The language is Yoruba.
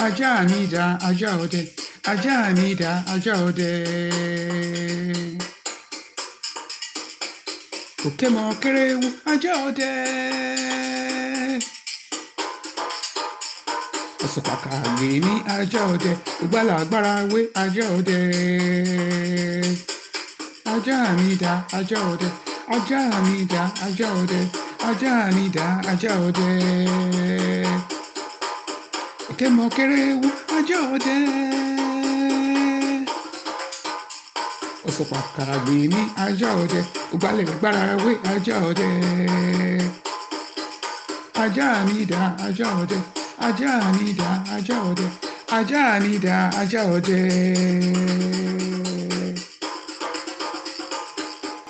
Ajamida Ajode, Ajamida Ajode. Ukemo Kerewu Ajode. Osopaka Gini Ajode, Ugbala Gbarawe Ajode. Ajamida Ajode, Ajamida Ajode, Ajamida Ajode. Ajamida, ajode. mọ̀kẹ́mọ̀kẹ́rẹ́ wájọ́ ọdẹ. ó sọ pàkàrà gbé ní ajá ọdẹ ó gbalẹ̀ gbára wé ajá ọdẹ. ajá mi dá ajá ọdẹ ajá mi dá ajá ọdẹ ajá mi dá ajá ọdẹ.